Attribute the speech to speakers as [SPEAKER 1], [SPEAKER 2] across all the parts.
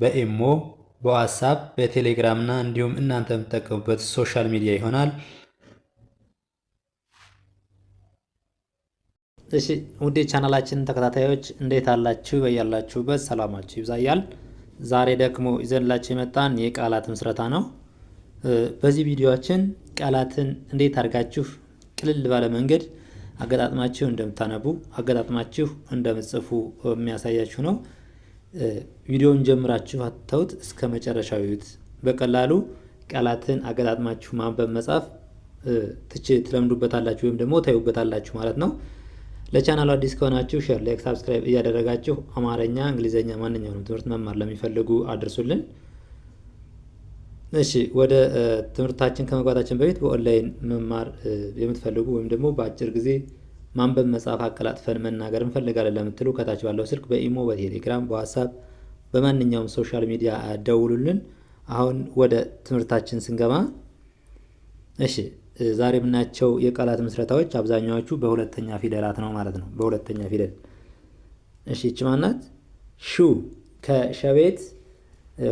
[SPEAKER 1] በኤሞ በዋትሳፕ በቴሌግራም እና እንዲሁም እናንተ የምትጠቀሙበት ሶሻል ሚዲያ ይሆናል።
[SPEAKER 2] እሺ ውዴ ቻናላችን ተከታታዮች እንዴት አላችሁ? በያላችሁበት ሰላማችሁ ይብዛያል። ዛሬ ደግሞ ይዘንላችሁ የመጣን የቃላት ምስረታ ነው። በዚህ ቪዲዮችን ቃላትን እንዴት አድርጋችሁ ቅልል ባለ መንገድ አገጣጥማችሁ እንደምታነቡ አገጣጥማችሁ እንደምትጽፉ የሚያሳያችሁ ነው። ቪዲዮውን ጀምራችሁ አትተውት እስከ መጨረሻው ይዩት። በቀላሉ ቃላትን አገጣጥማችሁ ማንበብ መጻፍ ትች ትለምዱበታላችሁ ወይም ደግሞ ታዩበታላችሁ ማለት ነው። ለቻናሉ አዲስ ከሆናችሁ ሼር፣ ላይክ፣ ሳብስክራይብ እያደረጋችሁ አማርኛ፣ እንግሊዝኛ ማንኛውንም ትምህርት መማር ለሚፈልጉ አድርሱልን። እሺ ወደ ትምህርታችን ከመግባታችን በፊት በኦንላይን መማር የምትፈልጉ ወይም ደግሞ በአጭር ጊዜ ማንበብ መጻፍ አቀላጥፈን መናገር እንፈልጋለን ለምትሉ ከታች ባለው ስልክ በኢሞ በቴሌግራም በዋትሳፕ በማንኛውም ሶሻል ሚዲያ ደውሉልን። አሁን ወደ ትምህርታችን ስንገባ፣ እሺ ዛሬ የምናያቸው የቃላት ምስረታዎች አብዛኛዎቹ በሁለተኛ ፊደላት ነው ማለት ነው። በሁለተኛ ፊደል እሺ፣ ይቺ ማናት? ሹ ከሸቤት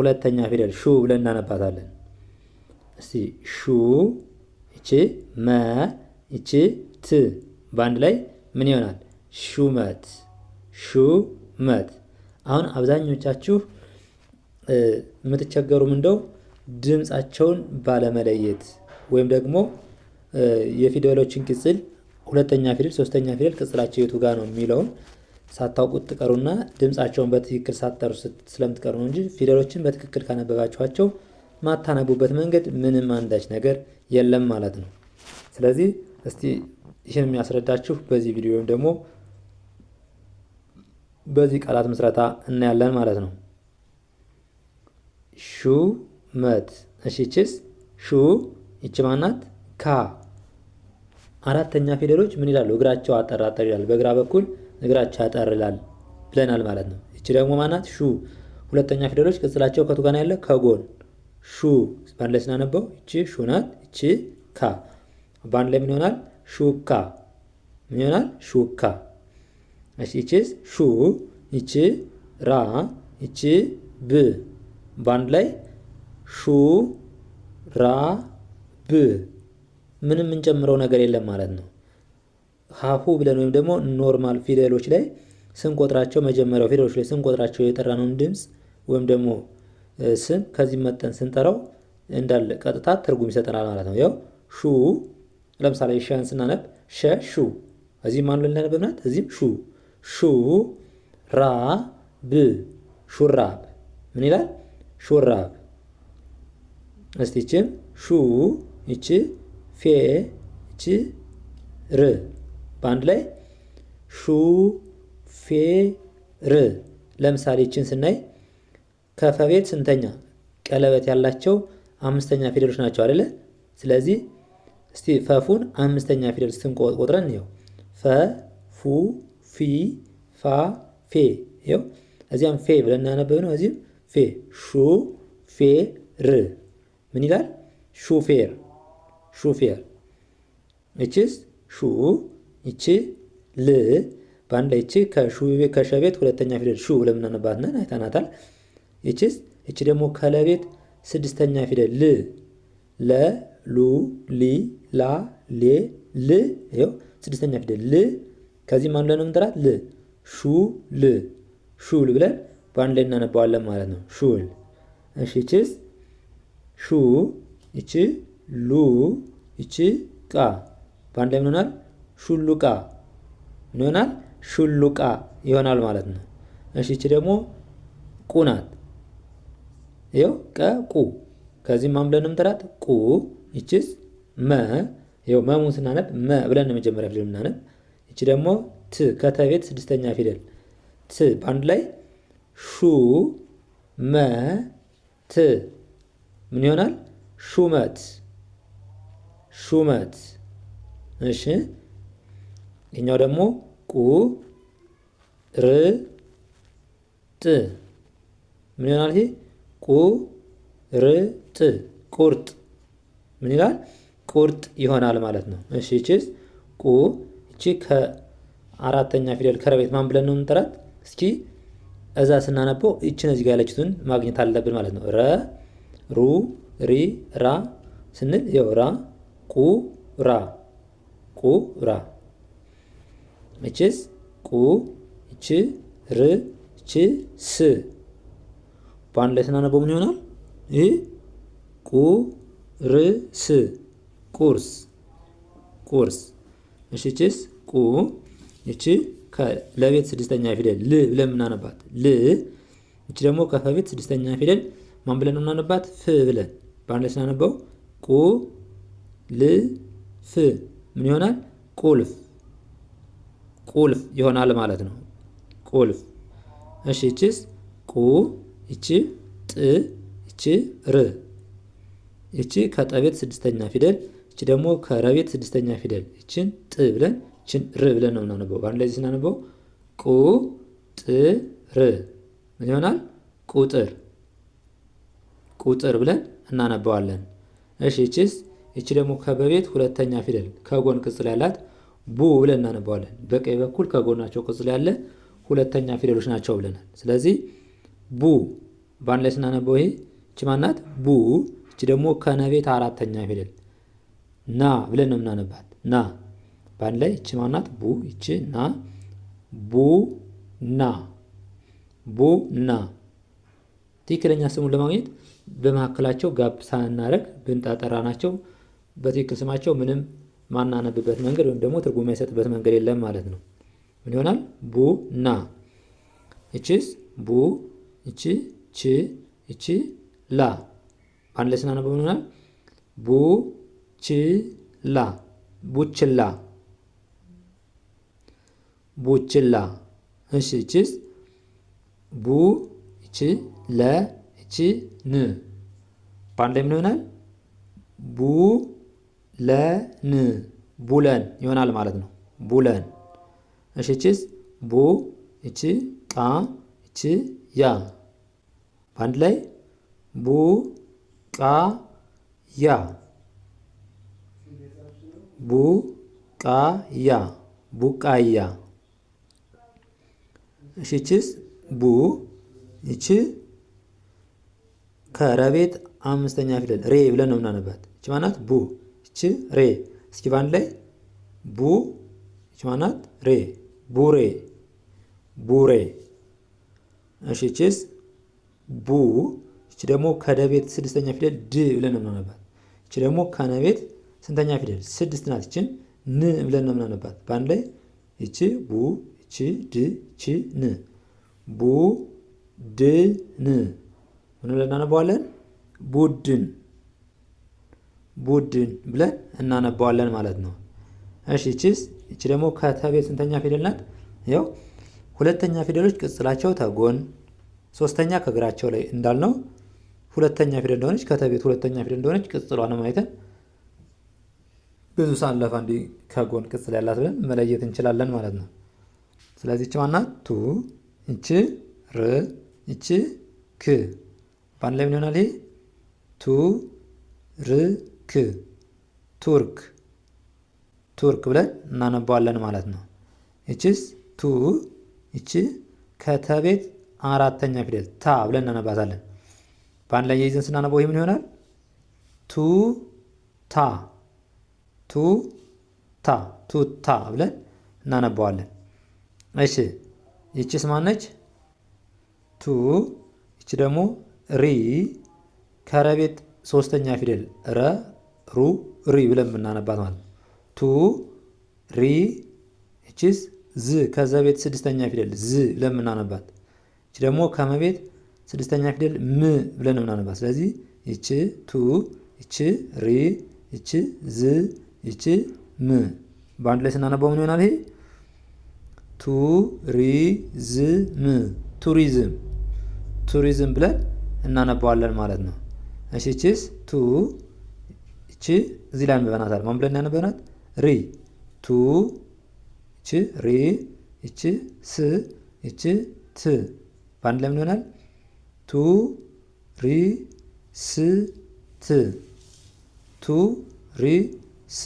[SPEAKER 2] ሁለተኛ ፊደል ሹ ብለን እናነባታለን። እስቲ ሹ፣ ይቺ መ፣ ይቺ ት በአንድ ላይ ምን ይሆናል? ሹመት ሹመት። አሁን አብዛኞቻችሁ የምትቸገሩም እንደው ድምፃቸውን ባለመለየት ወይም ደግሞ የፊደሎችን ቅጽል ሁለተኛ ፊደል፣ ሶስተኛ ፊደል ቅጽላቸው የቱ ጋር ነው የሚለውን ሳታውቁት ትቀሩና ድምፃቸውን በትክክል ሳትጠሩ ስለምትቀሩ ነው እንጂ ፊደሎችን በትክክል ካነበባችኋቸው ማታነቡበት መንገድ ምንም አንዳች ነገር የለም ማለት ነው። ስለዚህ እስቲ ይህን የሚያስረዳችሁ በዚህ ቪዲዮ ወይም ደግሞ በዚህ ቃላት ምስረታ እናያለን ማለት ነው። መት እሺ ይችስ ሹ ይች ማናት? ካ አራተኛ ፊደሎች ምን ይላሉ? እግራቸው አጠር አጠር ይላል። በግራ በኩል እግራቸው አጠር ይላል ብለናል ማለት ነው። ይቺ ደግሞ ማናት? ሹ ሁለተኛ ፊደሎች ቅጽላቸው ከቱ ጋር ያለ ከጎን ሹ በአንድ ላይ ስናነበው ይቺ ሹ ናት። ይቺ ካ በአንድ ላይ ምን ይሆናል? ሹካ ይሆናል። ሹካ ይቺስ ሹ ይቺ ራ ይቺ ብ በአንድ ላይ ሹ ራ ብ ምንም የምንጨምረው ነገር የለም ማለት ነው። ሀሁ ብለን ወይም ደግሞ ኖርማል ፊደሎች ላይ ስንቆጥራቸው መጀመሪያው ፊደሎች ላይ ስንቆጥራቸው የጠራነውን ድምፅ ወይም ደግሞ ስም ከዚህ መጠን ስንጠራው እንዳለ ቀጥታ ትርጉም ይሰጠናል ማለት ነው። ያው ሹ ለምሳሌ ሸን ስናነብ ሸ ሹ እዚህ ማን ልናነብ እናነብብናት እዚህም ሹ ሹ ራ ብ ሹራብ ምን ይላል? ሹራብ። እስቲ ይችም ሹ ይቺ ፌ ይቺ ር በአንድ ላይ ሹ ፌ ር። ለምሳሌ ይችን ስናይ ከፈቤት ስንተኛ ቀለበት ያላቸው አምስተኛ ፊደሎች ናቸው አይደለ? ስለዚህ እስቲ ፈፉን አምስተኛ ፊደል ስንቆጥረን ው ፈ ፉ ፊ ፋ ፌ ው እዚያም ፌ ብለን እናነበብ ነው። እዚህም ፌ ሹ ፌ ር ምን ይላል? ሹፌር ሹፌር። እችስ ሹ ይች ል በአንድ ላይ እቺ ከሸቤት ሁለተኛ ፊደል ሹ ብለን ነን አይታናታል። ይችስ እች ደግሞ ከለቤት ስድስተኛ ፊደል ል ለ ሉ ሊ ላ ሌ ል ይኸው ስድስተኛ ፊደል ል ከዚህ ማን ብለን ነው የምንጠራት ል ሹ ል ሹል ብለን በአንድ ላይ እናነባዋለን ማለት ነው። ሹል እሺ፣ ይቺስ ሹ ይቺ ሉ ይቺ ቃ በአንድ ላይ ምን ይሆናል? ሹሉቃ ምን ይሆናል? ሹሉቃ ይሆናል ማለት ነው። እሺ፣ ይቺ ደግሞ ቁ ናት። ይኸው ቀ ቁ ከዚህ ማን ብለን ነው የምንጠራት ቁ ይችስ መ ይኸው መሙን ስናነብ መ ብለን የመጀመሪያ ፊደል ምናነብ። ይቺ ደግሞ ት ከተቤት ስድስተኛ ፊደል ት በአንድ ላይ ሹ መ ት ምን ይሆናል? ሹመት ሹመት። እሺ ይኛው ደግሞ ቁ ር ጥ ምን ይሆናል? ይሄ ቁ ር ጥ ቁርጥ ምን ይላል? ቁርጥ ይሆናል ማለት ነው። እሺ እቺስ ቁ እቺ ከአራተኛ ፊደል ከረቤት ማን ብለን ነው የምንጠራት? እስኪ እዛ ስናነበው እችን እዚህ ጋር ያለችቱን ማግኘት አለብን ማለት ነው። ረ ሩ ሪ ራ ስንል ያው ራ ቁ ራ ቁ ራ እችስ ቁ እች ር እች ስ በአንድ ላይ ስናነበው ምን ይሆናል? ይህ ቁ ርስ ቁርስ ቁርስ። እሺ ችስ ቁ እቺ ለቤት ስድስተኛ ፊደል ል ብለን የምናነባት ል። እቺ ደግሞ ከፈቤት ስድስተኛ ፊደል ማን ብለን የምናነባት ፍ ብለን በአንድ ላይ ስናነበው ቁ ል ፍ ምን ይሆናል? ቁልፍ ቁልፍ ይሆናል ማለት ነው። ቁልፍ። እሺ እቺስ ቁ እቺ ጥ እቺ ር እቺ ከጠቤት ስድስተኛ ፊደል እቺ ደግሞ ከረቤት ስድስተኛ ፊደል እችን ጥ ብለን እችን ር ብለን ነው የምናነበው። በአንድ ላይ ስናነበው ቁ ጥ ር ምን ይሆናል? ቁጥር ቁጥር ብለን እናነበዋለን። እሺ እችስ እቺ ደግሞ ከበቤት ሁለተኛ ፊደል ከጎን ቅጽል ያላት ቡ ብለን እናነበዋለን። በቀኝ በኩል ከጎናቸው ቅጽል ያለ ሁለተኛ ፊደሎች ናቸው ብለናል። ስለዚህ ቡ በአንድ ላይ ስናነበው ይሄ እቺ ማናት ቡ እች ደግሞ ከነቤት አራተኛ ፊደል ና ብለን ነው የምናነባት። ና በአንድ ላይ እች ማናት? ቡ እች ና ቡ ና ቡ ና። ትክክለኛ ስሙን ለማግኘት በመካከላቸው ጋብ ሳናደርግ ብንጣጠራ ናቸው በትክክል ስማቸው ምንም ማናነብበት መንገድ ወይም ደግሞ ትርጉም የማይሰጥበት መንገድ የለም ማለት ነው። ምን ይሆናል? ቡ ና። እችስ ቡ እቺ ቺ እቺ ላ አንድ ላይ ስናነበው ይሆናል ቡችላ ቡችላ ቡችላ። እሺ እቺስ ቡ እቺ ለ እቺ ን በአንድ ላይ ምን ይሆናል? ቡ ለ ን ቡለን ይሆናል ማለት ነው። ቡለን። እሺ እቺስ ቡ እቺ ቃ እቺ ያ በአንድ ላይ ቡ ቃያ ቡቃያ ቡቃያ። እሽችስ ቡ ይቺ ከረቤት አምስተኛ ፊደል ሬ ብለን ነው የምናነባት። ይቺ ማናት ቡ ይቺ ሬ። እስኪ ባንድ ላይ ቡ ይቺ ማናት ሬ ቡሬ ቡሬ። እሽችስ ቡ እቺ ደግሞ ከደቤት ስድስተኛ ፊደል ድ ብለን ነው የምናነባት። እቺ ደግሞ ከነቤት ስንተኛ ፊደል ስድስት ናት። እችን ን ብለን ነው የምናነባት። በአንድ ላይ እቺ ቡ እቺ ድ እቺ ን ቡ ድ ን ምን ብለን እናነባዋለን? ቡድን ቡድን ብለን እናነባዋለን ማለት ነው። እሺ እቺስ እቺ ደግሞ ከተቤት ስንተኛ ፊደል ናት? ያው ሁለተኛ ፊደሎች ቅጽላቸው ተጎን፣ ሶስተኛ ከእግራቸው ላይ እንዳልነው ሁለተኛ ፊደል እንደሆነች ከተቤት ሁለተኛ ፊደል እንደሆነች ቅጽሏን ማየትን ብዙ ሳንለፋ እንዲህ ከጎን ቅጽል ያላት ብለን መለየት እንችላለን ማለት ነው። ስለዚህ እቺ ማናት? ቱ እቺ ር እቺ ክ በአንድ ላይ ምን ይሆናል? ይሄ ቱ ር ክ ቱርክ ቱርክ ብለን እናነባዋለን ማለት ነው። እቺስ ቱ እቺ ከተቤት አራተኛ ፊደል ታ ብለን እናነባታለን። በአንድ ላይ የይዘን ስናነበው ይህ ምን ይሆናል? ታ ቱታ ታ ብለን እናነበዋለን። እሺ ይቺስ ማነች? ቱ ይቺ ደግሞ ሪ ከረቤት ሶስተኛ ፊደል ረ ሩ ሪ ብለን የምናነባት ማለት ነው። ቱ ሪ ይቺስ ዝ ከዘቤት ስድስተኛ ፊደል ዝ ብለን የምናነባት ይቺ ደግሞ ከመቤት ስድስተኛ ፊደል ም ብለን ነው የምናነባት። ስለዚህ ይቺ ቱ፣ ይቺ ሪ፣ ይቺ ዝ፣ ይቺ ም በአንድ ላይ ስናነባው ምን ይሆናል? ይሄ ቱ ሪ ዝ ም ቱሪዝም፣ ቱሪዝም ብለን እናነባዋለን ማለት ነው። እሺ ቺስ ቱ ቺ እዚህ ላይ አንበበናታል። ማን ብለን ያነበናት? ሪ ቱ ቺ ሪ ቺ ስ ቺ ት በአንድ ላይ ምን ይሆናል? ቱ ቱሪስት ቱሪስት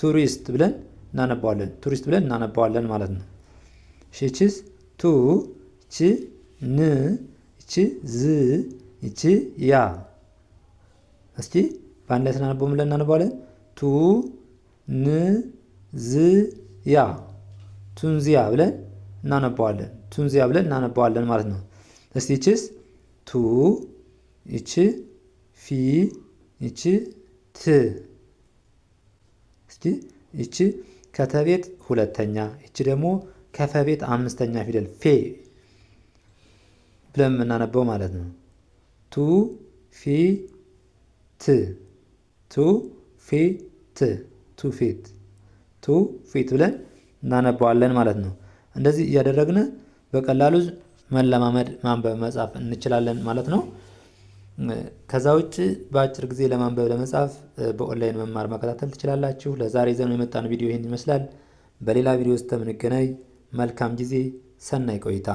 [SPEAKER 2] ቱሪስት ብለን እናነባዋለን ቱሪስት ብለን እናነባዋለን ማለት ነው። ሽችስ ቱ ቺ ን ች ዝ ች ያ እስቲ በአንድ ላይ ስናነበው ብለን እናነባዋለን ቱ ን ዝ ያ ቱንዚያ ብለን እናነባዋለን ቱንዚያ ብለን እናነባዋለን ማለት ነው። እስቲ ይችስ ቱ ይች ፊ ይች ት እስቲ ይች ከተቤት ሁለተኛ ይች ደግሞ ከፈቤት አምስተኛ ፊደል ፌ ብለን የምናነበው ማለት ነው። ቱ ፊ ት ቱ ፊ ት ቱ ፊት ቱ ፊት ብለን እናነበዋለን ማለት ነው። እንደዚህ እያደረግን በቀላሉ መለማመድ ማንበብ መጻፍ እንችላለን ማለት ነው። ከዛ ውጭ በአጭር ጊዜ ለማንበብ ለመጻፍ በኦንላይን መማር መከታተል ትችላላችሁ። ለዛሬ ዘኑ የመጣን ቪዲዮ ይህን ይመስላል። በሌላ ቪዲዮ ውስጥ የምንገናኝ፣ መልካም ጊዜ፣ ሰናይ ቆይታ